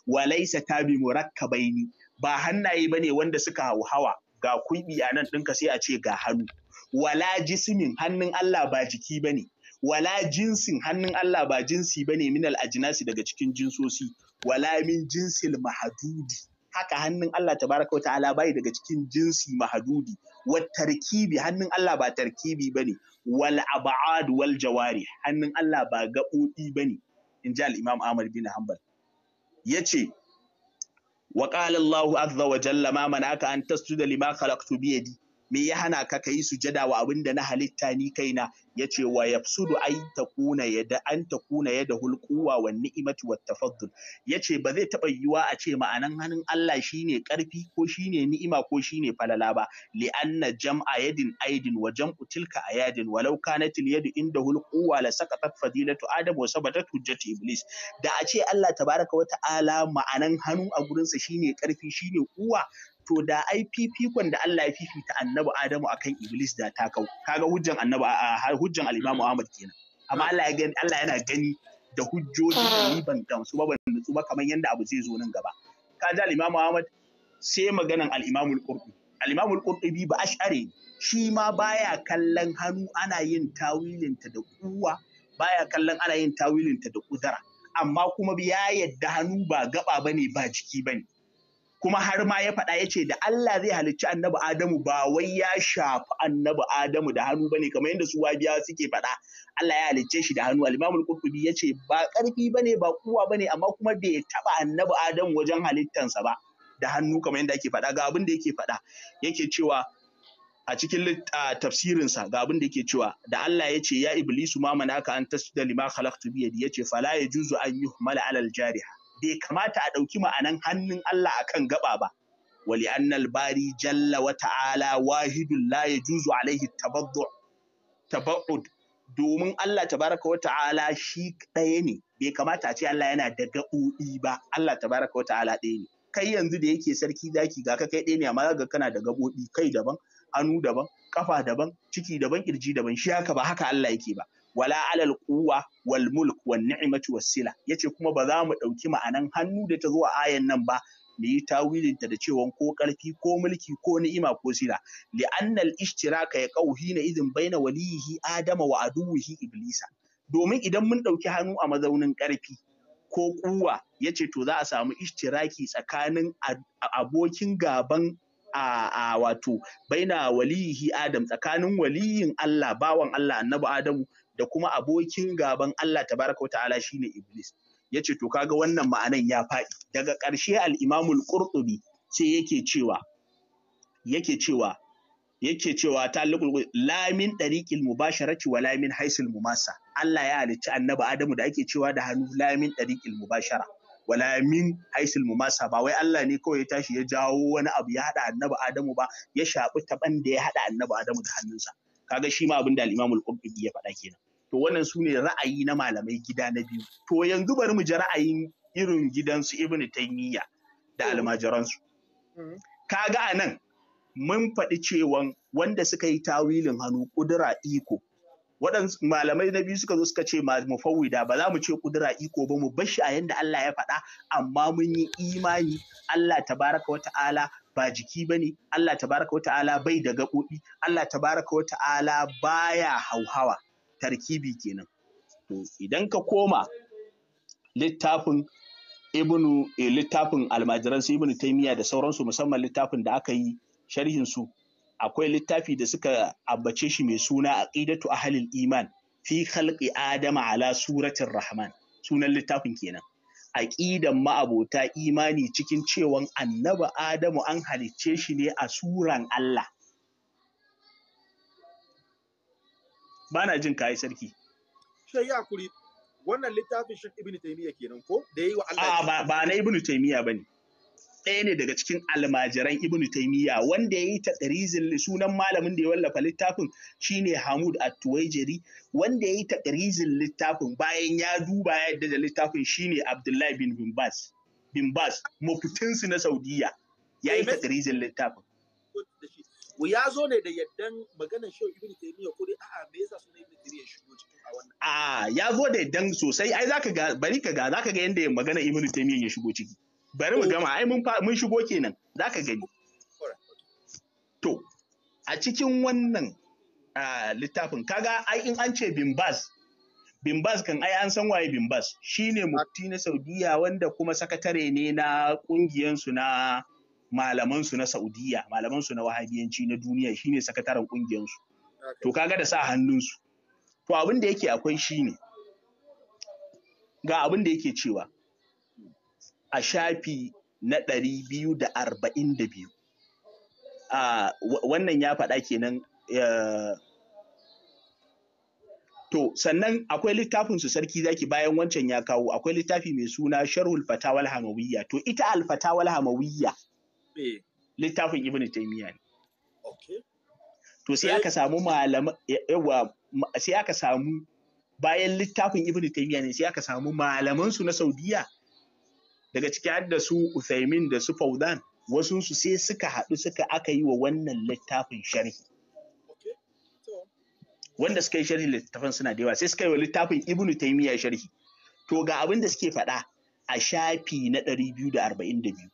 wa laisa ta bi murakkabaini ba hannaye ba ne wanda suka hau hawa ga kuɓi a nan ɗinka sai a ce ga hannu wala jisimin hannun Allah ba jiki ba ne. wala jinsin hannun Allah ba jinsi bane minal ajinasi daga cikin jinsosi wala min jinsil mahadudi haka hannun Allah tabaraka wa ta'ala bai daga cikin jinsi mahadudi wa tarkibi hannun Allah ba tarkibi bane wal ab'ad wal jawari hannun Allah ba gaɓoɓi bane inji ji al-Imam Ahmad bin Hanbal yace wa qala Allahu azza wa jalla ma manaka an tasjuda lima khalaqtu bi yadi me ya hana ka kai sujada wa abin da na halitta ni kaina yace wa yafsudu ay takuna yada an takuna yada hulquwa wa ni'mati wat tafaddul yace ba zai taba yiwa a ce ma'anan hannun Allah shine karfi ko shine ni'ima ko shine falala ba li anna jam'a yadin aidin wa jam'u tilka ayadin walau kanat al yadu inda hulquwa la saqatat fadilatu adam wa sabatat hujjat iblis da a ce Allah tabaraka wa ta'ala ma'anan hannu a gurinsa shine karfi shine kuwa to da ai fifikon da Allah ya fifita annabi Adamu akan Iblis da ta kau kaga hujjan annabi hujjan al-Imam Muhammad kenan amma Allah ya gani Allah yana gani da hujjoji da ni ban su ba ban nutsu ba kamar yanda abu zai zo nan gaba kaga al-Imam Muhammad sai maganan al-Imam al-Qurtubi al-Imam al-Qurtubi ba ash'ari shi ma baya kallon hannu ana yin tawilinta da kuwa baya kallon ana yin tawilinta da kudara amma kuma ya yadda hannu ba gaba bane ba jiki bane kuma har ma ya faɗa ya ce da Allah zai halicci annabi Adamu ba wai ya shafi annabi Adamu da hannu bane kamar yadda su wabiya suke faɗa Allah ya halicce shi da hannu al al Qurtubi ya ce ba ƙarfi bane ba kuwa bane amma kuma bai taɓa annabi Adamu wajen halittansa ba da hannu kamar yadda ake faɗa ga abin da yake faɗa yake cewa a cikin tafsirinsa ga abin da yake cewa da Allah ya ce ya iblisu ma manaka an tasjuda lima khalaqtu bi yadi yace fala yajuzu an yuhmala alal jariha bai kamata a ɗauki ma'anan hannun Allah a kan gaɓa ba wali annal bari jalla wa ta'ala wahidun la yajuzu alaihi tabaud domin Allah tabaraka wa ta'ala shi ɗaya ne bai kamata a ce Allah yana da gaɓoɓi ba Allah tabaraka wa ta'ala ɗaya ne kai yanzu da yake sarki zaki ga ka kai ɗaya ne amma ga kana da gaɓoɓi kai daban hannu daban ƙafa daban ciki daban kirji daban shi haka ba haka Allah yake ba wala alal Kuwa wal mulk wan ni'matu was sila yace kuma ba za mu dauki ma'anan hannu da ta zo a ayan nan ba mu yi tawilinta da cewa ko karfi ko mulki ko ni'ima ko sila li al ishtiraka ya qawhi na idin baina walihi adama wa aduwihi iblisa domin idan mun dauki hannu a mazaunin karfi ko kuwa yace to za a samu ishtiraki tsakanin abokin gaban a, wato baina walihi adam tsakanin waliyin Allah bawan Allah annabi Adamu da kuma abokin gaban Allah tabaraka wa ta'ala shine iblis yace to kaga wannan ma'anan ya faɗi daga ƙarshe al-imamul qurtubi sai yake cewa yake cewa yake cewa ta lamin ɗariƙil mubasharati wa lamin haisul mumasa Allah ya halicci annabi Adamu da ake cewa da hannu lamin ɗariƙil mubashara wa lamin haisul mumasa ba wai Allah ne kawai ya tashi ya jawo wani abu ya haɗa annabi Adamu ba ya shafi taban da ya haɗa annabi Adamu da hannunsa kaga shi ma abin da al-Imam qurtubi ya faɗa kenan to wannan su ne ra'ayi na malamai gida na biyu to yanzu bari mu ji ra'ayin irin gidansu Ibn taimiyya da hmm. almajiransu hmm. kaga a nan mun faɗi cewan wanda suka yi tawilin hannu ƙudura iko waɗansu malamai na biyu suka zo suka ce mu fawida ba za mu ce kudura iko ba mu bashi a yanda Allah ya faɗa amma mun yi imani Allah tabaraka ta'ala ba jiki ba ne. Allah tabaraka ta'ala bai da gaɓoɓi Allah tabaraka wata'ala baya hauhawa tarkibi kenan to idan ka koma littafin ibnu eh, littafin almajiran su ibnu taimiya da sauransu musamman littafin da aka yi sharhin su akwai littafi da suka ambace shi mai suna aqidatu ahlil iman fi khalqi adama ala suratin rahman sunan littafin kenan aqidan ma'abota imani cikin cewan annaba adamu an halicce shi ne a suran Allah bana jin kai sarki sai ya kuri wannan littafin shi ibn taymiya kenan ko da yayi wa Allah ba ba na ibn taymiya bane ɗaya ne daga cikin almajiran ibn taymiya wanda yayi ta taqrizin sunan malamin da ya wallafa littafin shine Hamud At-Tuwaijiri wanda yayi ta taqrizin littafin bayan ya duba ya yadda da littafin shine Abdullahi bin Bin Bas bin Bas mafitinsu na Saudiya yayi ta eh, taqrizin littafin ya zo ne da yaddan maganar shehu ibnu taymiya ko dai a'a me yasa sunan ibnu taymiya shigo cikin a wannan a ya zo da yaddan sosai ai zaka ga bari ka ga zaka ga yanda magana ibnu taymiya ya shigo ciki bari mu gama ai mun mun shigo kenan zaka gani to a cikin wannan littafin kaga ai in an ce bimbaz bimbaz kan ai an san waye bimbaz shine mufti na saudiya wanda kuma sakatare ne na kungiyansu na malamansu na Saudiya, malamansu na wahabiyanci na duniya shine sakataren ƙungiyarsu. To kaga da sa hannunsu. To abin da yake akwai shine ga abin da yake cewa a shafi na ɗari biyu Wannan ya faɗa kenan To sannan akwai littafin su sarki zaki bayan wancan ya kawo akwai littafi mai suna Sharhul Fatawal Hamawiyya to ita al Fatawal Hamawiyya littafin ibn taymiya ne to sai aka samu malama sai aka samu bayan littafin ibn taymiya ne sai aka samu malaman su na saudiya daga ciki har da su uthaymin da su faudan wasu su sai suka haɗu suka aka yi wa wannan littafin sharhi wanda suka yi sharhi littafin suna da yawa sai suka yi wa littafin Ibn taymiyyah sharhi to ga abin da suke faɗa a shafi na 242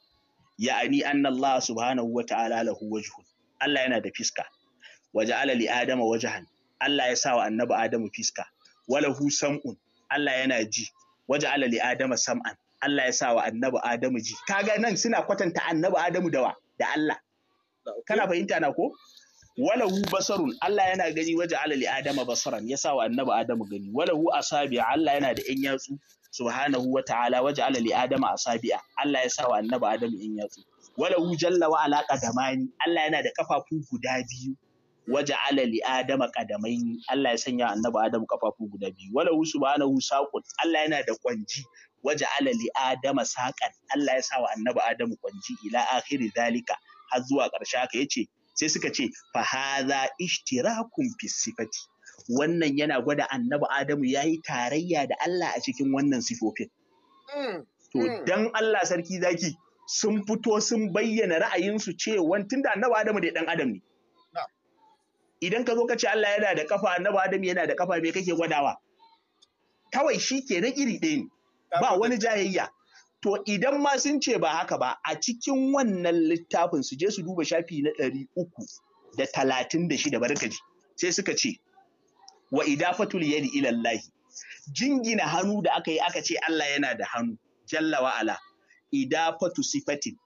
ya'ani anna Allah subhanahu wa ta'ala lahu wajhun Allah yana da fiska waja'ala li adama wajhan Allah ya sa wa annabi Adamu fiska walahu sam'un Allah yana ji waja'ala li adama sam'an Allah ya sa wa annabi Adamu ji kaga nan suna kwatanta annabi Adamu da wa, da Allah kana fahimta na ko walahu basarun Allah yana gani waje alali adama basaran ya sa wa annabi adamu gani walahu asabi Allah yana da yan yatsu subhanahu wa ta'ala waj'ala li adama asabi'a Allah ya sa wa annabi adamu in yatsu walahu jalla wa ala qadamani Allah yana da kafafu guda biyu waja'ala li adama qadamaini Allah ya sanya annabi adamu kafafu guda biyu walahu subhanahu saqul Allah yana da kwanji Waje li adama saqan Allah ya sa wa annabi adamu kwanji ila akhiri zalika har zuwa ƙarshe haka yace sai suka ce fa hadha ishtirakum fi sifati wannan yana gwada annabi Adamu ya yi tarayya da Allah a cikin wannan sifofin. Mm, to mm. dan Allah sarki zaki sun fito sun bayyana ra'ayinsu cewa da annabi Adamu da dan Adam ne. Idan ka zo ka ce Allah yana da kafa annabi Adamu yana da kafa me kake gwadawa? Kawai shi ke na iri ɗaya ne. Ba wani jayayya. To idan ma sun ce ba haka ba a cikin wannan littafin su je su duba shafi na ɗari uku da talatin da shida bari Sai suka ce, wa idafatul yadi ila Allah jingina hannu da aka yi aka ce Allah yana da hannu jalla wa ala idafatu sifatin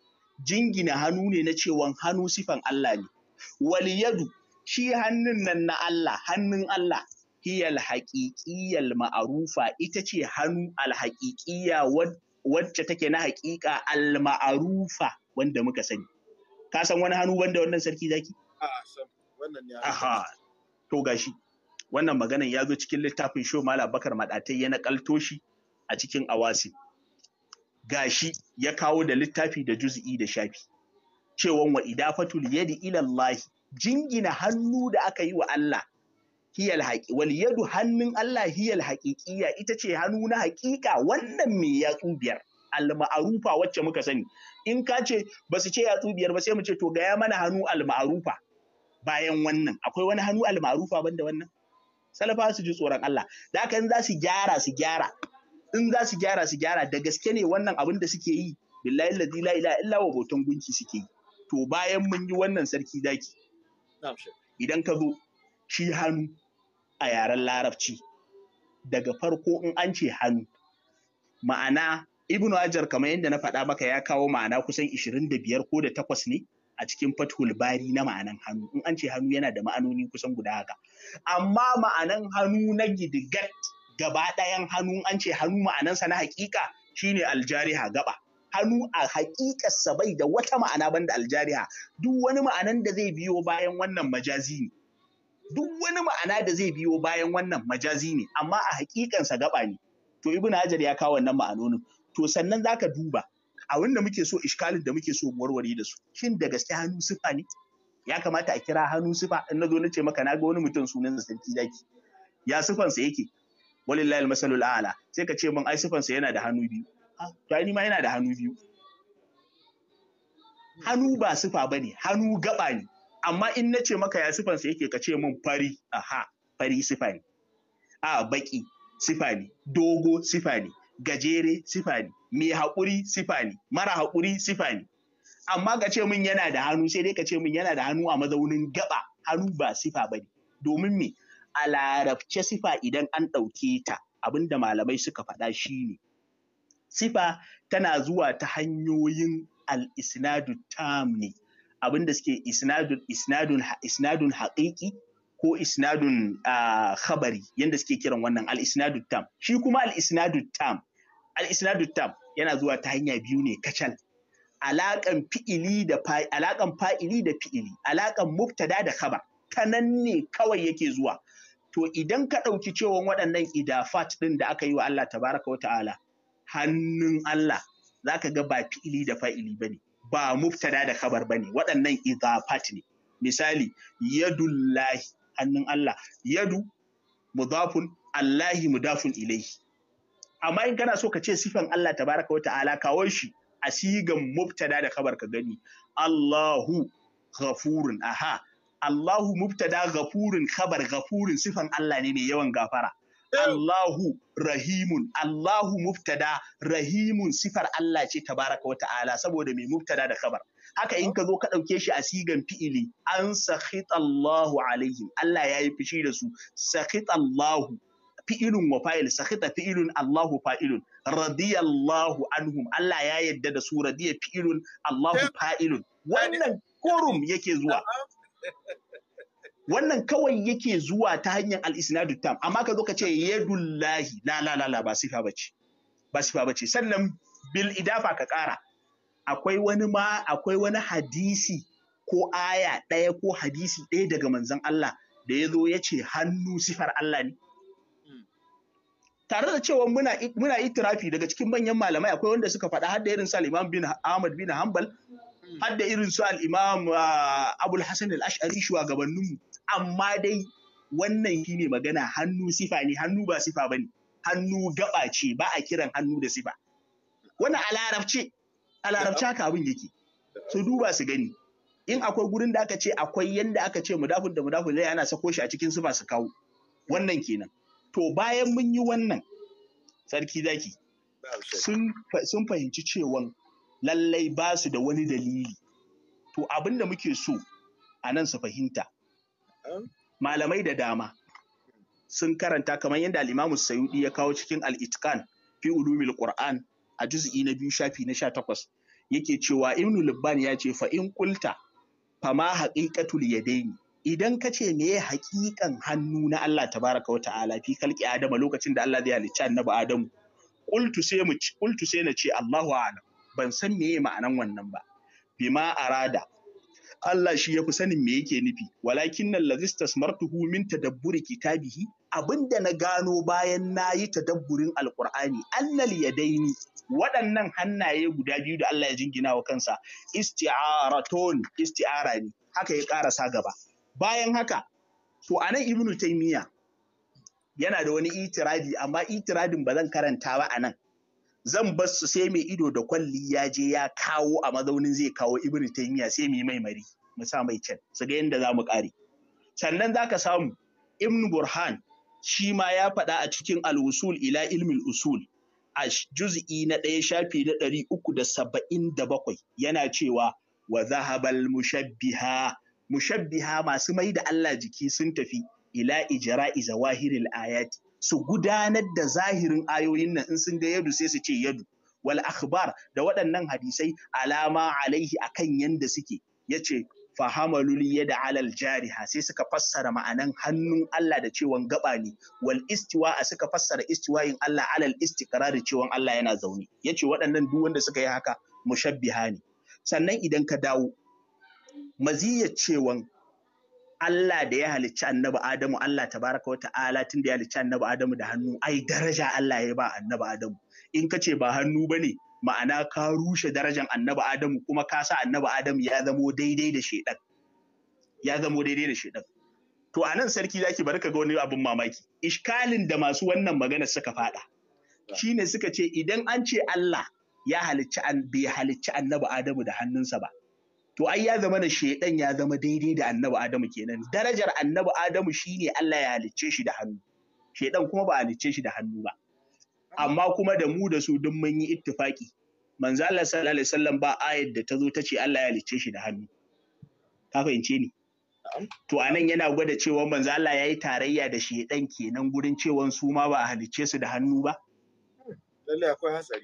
jingina hannu ne na cewan hannu sifan Allah ne wal yadu shi hannun nan na Allah hannun Allah hiya alhaqiqiyyal ma'rufa ita ce hannu haqiqiyya wacce take na al alma'arufa wanda muka sani ka san wani hannu wanda wannan sarki zaki ah, Aha, to gashi. wannan maganan ya zo cikin littafin sho mala bakar madatai ya nakalto shi a cikin awasi gashi ya kawo da littafi da juz'i da shafi cewan wa idafatul yadi ila jingina hannu da aka yi wa Allah hiyal haƙi wal yadu hannun Allah hiyal haƙiƙiya ita ce hannu na haƙiƙa wannan me ya tsubiyar al-ma'arufa wacce muka sani in ka ce ba su ce ya ba sai mu ce to gaya mana hannu al-ma'arufa bayan wannan akwai wani hannu al-ma'arufa banda wannan salafa su ji tsoron Allah da haka in za su gyara su gyara in za su gyara su gyara da gaske ne wannan abin da suke yi billahi la ilaha illa wa boton gunki suke yi to bayan mun yi wannan sarki daki idan ka zo shi hannu a yaren larabci daga farko in an ce hannu ma'ana ibnu hajar kamar yadda na faɗa maka ya kawo ma'ana kusan 25 ko da takwas ne a cikin fathul bari na ma'anan hannu in an ce hannu yana da ma'anoni kusan guda haka amma ma'anan hannu na gidigat gaba ɗayan hannu an ce hannu ma'anansa na hakika shine aljariha gaba hannu a hakikarsa bai da wata ma'ana banda aljariha duk wani ma'anan da zai biyo bayan wannan majazi ne duk wani ma'ana da zai biyo bayan wannan majazi ne amma a hakikansa gaba ne to ibnu hajar ya kawo wannan ma'anonin to sannan zaka duba abin da muke so iskalin da muke so warware da su shin da gaske hannu sifa ne ya kamata a kira hannu sifa in nazo na ce maka na ga wani mutum sunan sarki zaki ya sa yake walillahi almasalul a'la sai ka ce min ai sa yana da hannu biyu to ai ma yana da hannu biyu hannu ba sifa bane hannu gaba ne amma in na ce maka ya sa yake ka ce min fari aha fari sifa ne a baki sifa ne dogo sifa ne gajere sifa ne mai haƙuri sifa ne mara haƙuri sifa ne amma ka ce min yana da hannu sai dai ka ce min yana da hannu a mazaunin gaba hannu ba sifa ba ne domin me a larabce sifa idan an ɗauke ta abinda malamai suka faɗa shi ne sifa tana zuwa ta hanyoyin al tam ne Abin da suke isnadun haƙiƙi ko isnadun ah, khabari yadda suke kiran wannan al tam shi kuma al tam al-isnadu yana zuwa ta hanya biyu ne kacal alaƙan fi'ili da alaƙan fa'ili da fi'ili alaƙan Muftada da khabar ta nan ne kawai yake zuwa to idan ka ɗauki cewa waɗannan idafat ɗin da aka yi wa Allah tabaraka wa ta'ala hannun Allah za ka ga ba fi'ili da fa'ili ba ne ba muftada da kabar ba ne waɗannan idafat ne misali yadullahi hannun Allah yadu mudafun Allahi mudafun ilaihi amma in kana so ka ce sifan Allah tabaraka wa ta'ala kawo shi a sigan mubtada da kabar ka gani Allahu ghafurun aha Allahu mubtada ghafurun kabar ghafurun sifan Allah ne mai yawan gafara eh. Allahu rahimun Allahu mubtada rahimun sifar Allah ce tabaraka wa ta'ala saboda mai mubtada da kabar haka in ka zo ka ɗauke shi a sigan fi'ili an sakhita Allahu alaihim Allah ya yi fushi da su sakhita Allahu fi'ilun wa fa'il sakhita fi'ilun Allahu fa'ilun radiyallahu anhum Allah ya yadda da su radiya fi'ilun Allahu eh. fa'ilun wannan korum yake zuwa wannan kawai yake zuwa ta hanyar al-isnadu tam amma ka zo ka ce yadullahi la la la la ba sifa bace ba sifa bace sannan bil idafa ka kara akwai wani ma akwai wani hadisi ko aya ɗaya ko hadisi ɗaya daga manzon Allah da ya zo ya ce hannu sifar Allah ne tare da cewa muna muna itirafi daga cikin manyan malamai akwai wanda suka faɗa har da irin su imam bin Ahmad bin Hanbal hmm. har da irin su imam ah, Abul Hasan al-Ash'ari shugabannin mu amma dai wannan shine magana hannu sifa ne hannu ba sifa bane hannu gaba ce ba a kiran hannu da sifa wannan a larabce haka abin yake su duba su gani in akwai gurin da aka ce akwai yanda aka ce mudafin da mudafin da ana sako shi a cikin sifa su kawo wannan kenan To bayan mun yi wannan sarki zaki sun fahimci cewa lallai ba su da wani dalili. To abin da muke so a nan su fahimta. Malamai da dama sun karanta kamar yadda Limamu Sayudi ya kawo cikin Al-Itqan fi ulumil Qur'an a juz'i na biyu shafi na sha takwas yake cewa Ibn Libban ya ce fa in kulta fa ma haqiqatul yadaini idan ka ce me haƙiƙan hannu na Allah tabaraka wa ta'ala fi kalki Adama lokacin da Allah zai halicci annabi Adamu qultu sai mu qultu sai na ce Allahu a'lam ban san me meye ma'anan wannan ba bima arada Allah shi ya fi sanin me yake nufi walakin nan lazistas martuhu min tadabburi kitabihi abinda na gano bayan na yi tadabburin alkur'ani annal yadaini waɗannan hannaye guda biyu da Allah ya jingina wa kansa isti'araton isti'ara ne haka ya ƙarasa gaba bayan haka so anan ibnu taimiyya yana da wani itiradi amma itiradin ba zan karanta ba a nan. zan bar su sai mai ido da kwalli ya je ya kawo a mazaunin zai kawo ibnu Taymiya sai mai maimari mu sa mai can su ga yadda za mu kare sannan zaka samu ibnu burhan shi ma ya faɗa a cikin al-usul ila ilmin usul a juz'i na ɗaya shafi na ɗari uku da saba'in da bakwai yana cewa wa zahabal mushabbiha mushabbiha masu mai da Allah jiki sun tafi ila ijra'i zawahiril ayati su gudanar da zahirin ayoyin nan in sun ga yadu sai su ce yadu wal akhbar da waɗannan hadisai alama alaihi akan yanda suke yace fahamalul yada alal jariha sai suka fassara ma'anan hannun Allah da cewon gaba ne wal istiwa suka fassara istiwayin Allah alal da cewan Allah yana zaune yace waɗannan duk wanda suka yi haka mushabbiha ne sannan idan ka dawo maziyyacewan Allah da ya halicci annabi Adamu Allah ta wata wata tun da ya halicci annabi Adamu da hannu ai daraja Allah ya ba annabi Adamu in ka ce ba hannu ba ne ma'ana ka rushe darajan annabi Adamu kuma ka sa annabi Adamu ya zamo daidai da shedan ya zamo daidai da shedan to a nan sarki zaki bari ka ga wani abin mamaki ishkalin da masu wannan magana suka fada shine suka ce idan an ce Allah ya halicci an bai halicci annabi Adamu da hannunsa ba to ai ya zama da shaidan ya zama daidai da annabi adamu kenan darajar annabi adamu shine Allah ya halicce shi da hannu shaidan kuma ba halicce shi da hannu ba amma kuma da mu da su duk mun yi ittifaki manzo Allah sallallahu alaihi wasallam ba ayat da ta zo ta ce Allah ya halicce shi da hannu ka fahimce ni to anan yana gwada cewa manzo Allah ya yi tarayya da shaidan kenan gurin cewa su ma ba a halicce su da hannu ba lalle akwai hatsari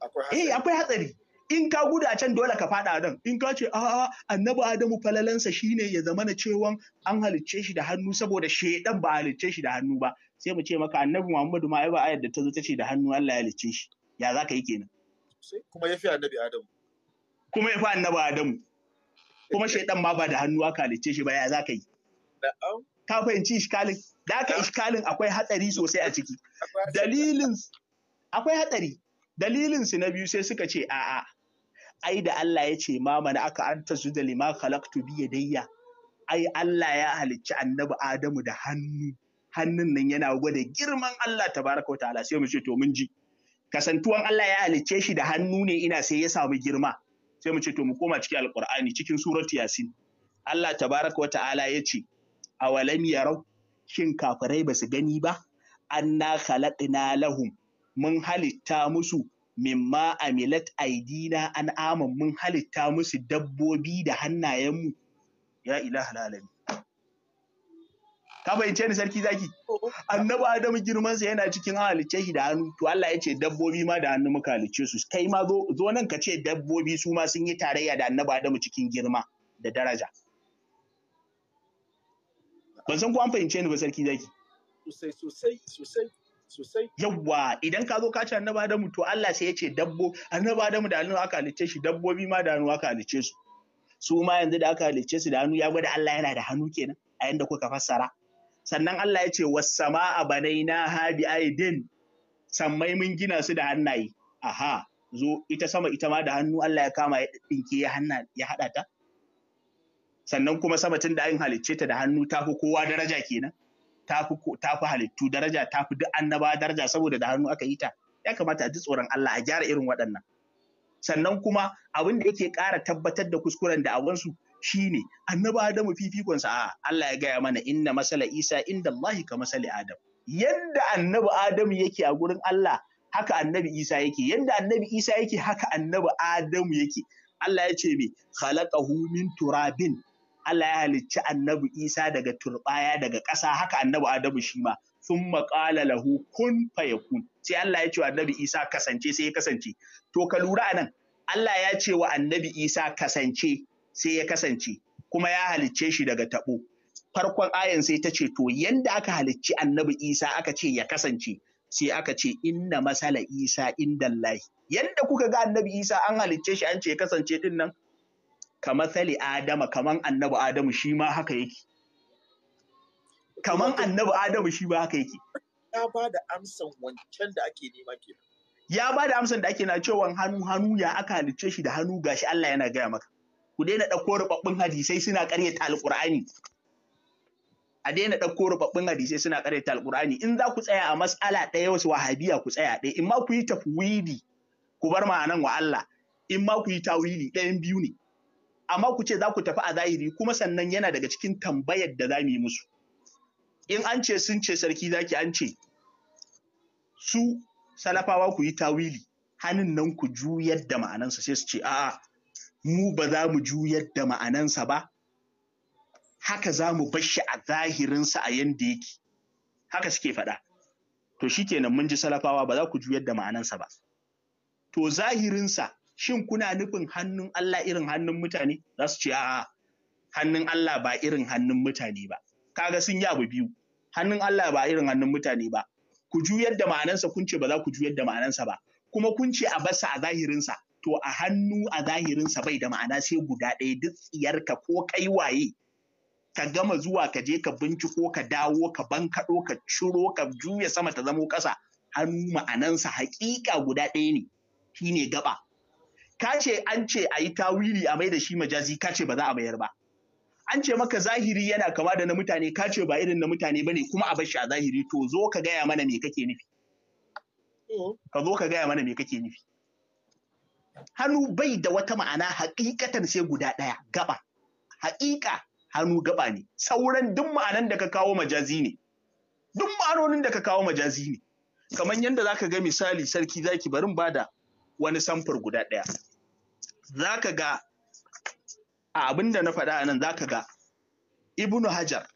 akwai hatsari eh akwai hatsari in ka gudu a can dole ka faɗa nan in ka ce a'a annabi adamu falalansa shine ya zamana cewa an halicce shi da hannu saboda shedan ba halicce shi da hannu ba sai mu ce maka annabi muhammadu ma ai ba ayar da ta zo ta ce da hannu Allah ya halicce shi ya za ka yi kenan kuma ya fi annabi adamu kuma ya fi annabi adamu kuma shedan ma ba da hannu aka halicce shi ba ya za ka yi ka fahimci iskalin da aka iskalin akwai hatsari sosai a ciki dalilin akwai hatsari dalilinsu na biyu sai suka ce a'a ai da Allah ya ce ma mana aka an tasjuda lima khalaqtu bi yadayya ai Allah ya halicci annabi Adamu da hannu hannun nan yana gwada girman Allah tabaraka wa ta'ala sai mu ce to mun ji kasantuwan Allah ya halicce shi da hannu ne ina sai ya samu girma sai mu ce to mu koma cikin alqur'ani cikin suratu yasin Allah tabaraka wa ta'ala ya ce awalam yarau shin kafirai ba su gani ba anna khalaqna lahum mun halitta musu mimma amilat aidina an aman mun halitta musu dabbobi da hannayenmu ya ilaha lalami ka bayyance ni sarki zaki annabi adamu girman sa yana cikin halicce shi da hannu to Allah ya ce dabbobi ma da hannu muka halicce su kai ma zo zo nan ka ce dabbobi su ma sun yi tarayya da annabi adamu cikin girma da daraja ban san ko an fahimce ni ba sarki zaki sosai sosai sosai sosai yawwa idan ka zo ka ce annabi adamu to Allah sai ya ce dabbo da adamu da hannu aka halicce shi dabbobi ma da hannu aka halicce su su ma yanzu da aka halicce su da hannu ya gwada Allah yana da hannu kenan a yanda kuka fassara sannan Allah ya ce a banaina na habi aidin sammai mun gina su da hannaye aha zo ita sama ita ma da hannu Allah ya kama ya dinke ya hanna ya hada ta sannan kuma sama tun da an halicce ta da hannu ta fi kowa daraja kenan ta fi halittu daraja ta fi duk annaba daraja saboda da hannu aka yi ta ya kamata a ji tsoron Allah a gyara irin waɗannan sannan kuma abin da yake ƙara tabbatar da kuskuren da awansu shine annaba Adamu fifikonsa a Allah ya gaya mana inna masala Isa inda Allah ka masali Adam yadda annabi Adamu yake a gurin Allah haka annabi Isa yake yanda annabi Isa yake haka annabi Adamu yake Allah ya ce me khalaqahu min turabin Allah ya halicci annabi Isa daga turbaya daga ƙasa haka annabi Adamu shi ma sun maƙala lahu kun fayakun sai Allah ya ce wa annabi Isa kasance sai ya kasance to ka lura anan Allah ya ce wa annabi Isa kasance sai ya kasance kuma ya halicce shi daga taɓo farkon ayan sai ta ce to yanda aka halicci annabi Isa aka ce ya kasance sai aka ce inna masala Isa indallahi yanda kuka ga annabi Isa an halicce shi an ce ya kasance dinnan? kamar sali adama kamar annabu adamu shi ma haka yake kaman annabi adamu shi ma haka yake ya ba da amsan wancan da ake nema ke ya ba da amsan da ake na cewa hannu hannu ya aka halicce shi da hannu gashi Allah yana gaya maka ku daina ɗauko rubabbin hadisai suna ƙaryata alƙur'ani a daina ɗauko rubabbin hadisai suna ƙaryata alƙur'ani in za ku tsaya a mas'ala ɗaya wasu wahabiya ku tsaya ɗaya in ma ku yi tafwidi ku bar ma'anan wa Allah in ma ku yi tawili ɗayan biyu ne amma ku ce za ku tafi a zahiri kuma sannan yana daga cikin tambayar da za mu yi musu in an ce sun ce sarki zaki an ce su salafawa ku yi tawili hannun nan ku juyar da ma'anansa sai su ce a'a mu ba za mu juyar da ma'anansa ba haka za mu bar shi a zahirinsa a yanda yake haka suke faɗa to shi kenan mun ji salafawa ba za ku juyar da ma'anansa ba to zahirinsa shin kuna nufin hannun Allah irin hannun mutane za su ce a'a hannun Allah ba irin hannun mutane ba kaga sun yi abu biyu hannun Allah ba irin hannun mutane ba ku juyar da ma'anansa kun ce ba za ku juyar da ma'anansa ba kuma kun ce a basa a zahirinsa to a hannu a zahirinsa bai da ma'ana sai guda ɗaya duk tsiyarka ko kai waye ka gama zuwa ka je ka binciko ka dawo ka bankaɗo ka ciro ka juya sama ta zamo ƙasa hannu ma'anansa haƙiƙa guda ɗaya ne shi ne gaba ka ce an ce a yi tawili a mai da shi majazi ka ce ba za a mayar ba an ce maka zahiri yana kama da na mutane ka ce ba irin na mutane ba ne kuma a shi a zahiri to zo ka gaya mana me kake nufi ka zo ka gaya mana me kake nufi hannu bai da wata ma'ana hakikatan sai guda ɗaya gaba haƙiƙa hannu gaba ne sauran duk ma'anan da ka kawo majazi ne duk ma'anonin da ka kawo majazi ne kamar yadda za ka ga misali sarki zaki barin bada wani samfur guda ɗaya za ka ga abinda na faɗa nan za ka ga ibnu hajar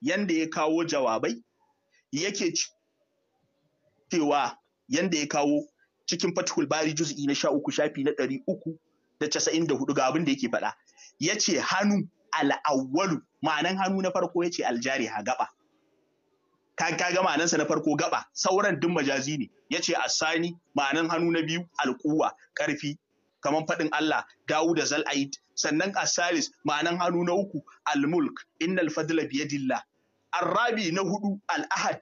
yanda ya kawo jawabai yake cewa yanda ya kawo cikin fatihul bari juz'i na sha uku shafi na ɗari uku da casa'in da hudu ga abinda da yake faɗa ya ce hannu al'awwalu ma'anan hannu na farko ya ce aljari ha gaba ka ga ma'anansa na farko gaba sauran duk majazi ne ya ce asani ma'anan hannu na biyu alkuwa ƙarfi kamar faɗin Allah dawu da Zal'aid sannan Asalis ma'anan hannu na uku al-mulk innal fadla biyadillah rabi na hudu al-ahad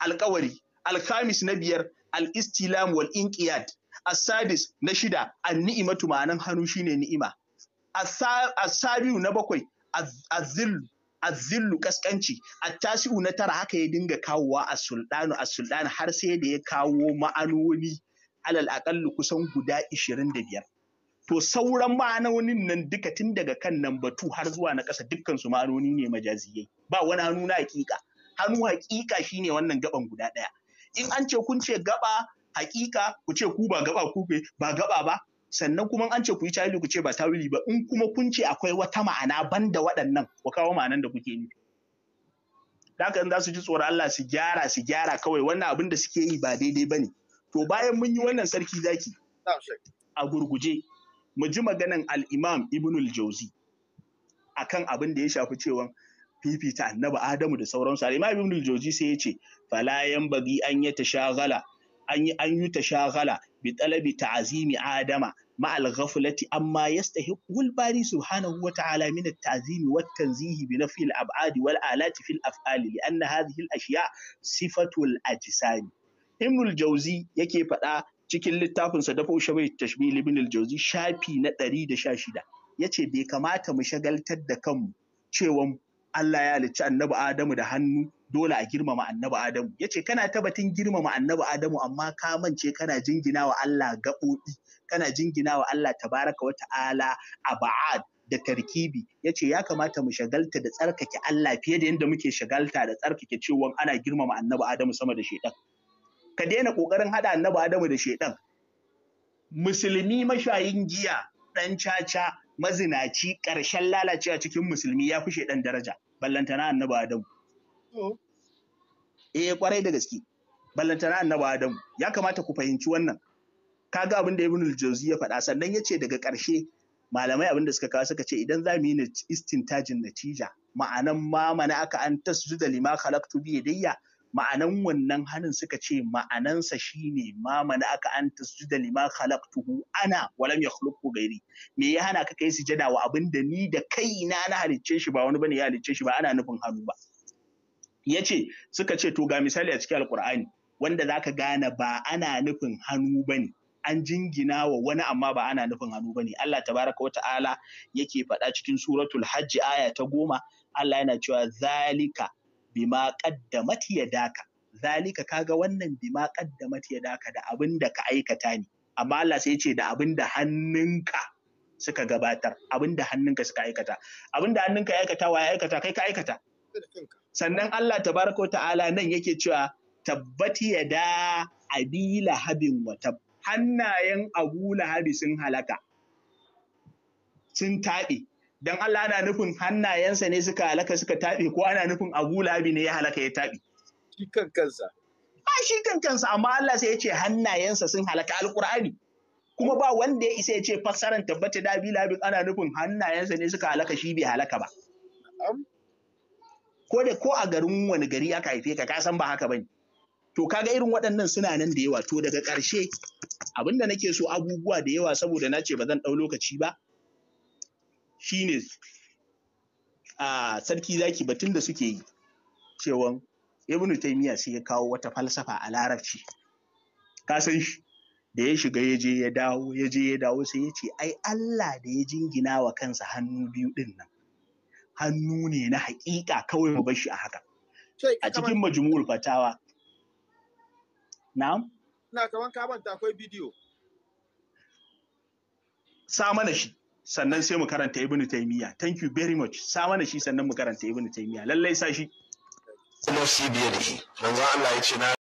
alƙawari al-khamis na biyar al-istilam wal inqiyad asadis na shida an-ni'imatu ma'anan hannu shine ni'ima asabiu na bakwai azillu azillu kaskanci attasi'u na tara haka ya dinga kawowa a sultanu a Sultana har sai da ya kawo ma'anoni alal kusan guda ishirin da biyar. To sauran ma'anonin nan duka tun daga kan nan batu har zuwa na ƙasa dukkansu ma'anoni ne majaziyai. Ba wani hannu na haƙiƙa. Hannu shi shine wannan gaban guda ɗaya. In an ce kun ce gaba haƙiƙa ku ce ku ba gaba ku ba gaba ba sannan kuma an ce ku yi tawili ku ce ba tawili ba in kuma kun ce akwai wata ma'ana banda waɗannan ku kawo ma'anan da kuke nufi. Da haka in za su ji tsoron Allah su gyara su gyara kawai wannan abin da suke yi ba daidai ba ne. To bayan mun yi wannan sarki zaki a gurguje mu ji maganan al-Imam Ibnul Jauzi akan abin da ya shafi cewa fifita annabi Adamu da sauransu. al Ibnul Jauzi sai ya ce fala bagi an yi tashagala an yi an yi tashagala bi talabi ta'azimi Adama مع الغفلة أما يستحقه الباري سبحانه وتعالى من التعظيم والتنزيه بنفي الأبعاد Af'ali, في الأفعال لأن هذه ashiya sifatul الأجسام Imrul Jauzi yake faɗa cikin littafin sa dafa ushabai tashbih ibn jauzi shafi na 116 yace bai kamata mu shagaltar da kanmu cewa Allah ya halicci annabi Adamu da hannu dole a girmama annabi Adamu yace kana ta batun girmama annabi Adamu amma ka mance kana jingina wa Allah gaɓoɗi kana jingina wa Allah tabaraka wa ta'ala aba'ad da tarkibi Yace ya kamata mu shagalta da tsarkake Allah fiye da yadda muke shagalta da tsarkake cewa ana girmama annabi Adamu sama da shedan ka daina ƙoƙarin haɗa annabi Adamu da shaidan. Musulmi mashayin giya, ɗan caca, mazinaci, ƙarshen lalacewa cikin musulmi ya fi shaidan daraja, ballantana annabi Adamu. Oh. Eh kwarai da gaske, ballantana annabi Adamu, ya kamata ku fahimci wannan. Kaga abin da Ibn al-Jawzi ya faɗa sannan ya ce daga ƙarshe malamai abin da suka kawo suka ce idan za mu yi istintajin natija ma'anan ma mana aka an tasjuda lima khalaqtu bi yadayya ma'anan wannan hannun suka ce ma'anansa shine ma mana aka an tasjuda lima khalaqtuhu ana walam yakhluqu gairi me ya hana ka kai sujada wa abin da ni da kaina na halicce shi ba wani bane ya halicce shi ba ana nufin hannu ba yace suka ce to ga misali a cikin alqur'ani wanda zaka gane ba ana nufin hannu bane an jingina wa wani amma ba ana nufin hannu bane Allah tabaraka wa ta'ala yake faɗa cikin suratul hajji aya ta goma Allah yana cewa zalika bima qaddamat yadaka zalika kaga wannan bima qaddamat yadaka da abin da ka aikata ne amma Allah sai ce da abin da hannunka suka gabatar abin da hannunka suka aikata abin da hannunka aikata wa ya aikata kai ka aikata sannan Allah tabaraka wa ta'ala nan yake cewa tabbati yada abila habin wa tab hannayen abu lahabi sun halaka sun taɓe dan Allah ana nufin hannayensa ne suka halaka suka taɓe ko ana nufin Abu ne ya halaka ya taɓe shi kan kansa ba shi kan kansa amma Allah sai ya ce hannayensa sun halaka Alƙur'ani. kuma ba wanda ya isa ya ce fassaran tabbata da bi ana nufin hannayensa ne suka halaka shi bai halaka ba ko da ko a garin wani gari aka haife ka ka san ba haka bane To kaga irin waɗannan suna nan da yawa. To daga ƙarshe abinda nake so abubuwa da yawa saboda na ce ba zan ɗau lokaci ba. shine a sarki zaki batun da suke yi cewan ibnu taymiya sai ya kawo wata falsafa a larabci ka san shi da ya shiga ya je ya dawo ya je ya dawo sai ya ce ai Allah da ya jingina wa kansa hannu biyu din nan hannu ne na haƙiƙa kawai mu bar shi a haka a cikin majmu'ul fatawa na'am na kaman akwai bidiyo sa mana shi sannan sai mu karanta ibnu taymiya thank you very much sa mana shi sannan mu karanta ibnu taymiya lallai sa shi kuma shi manzo Allah ya ce na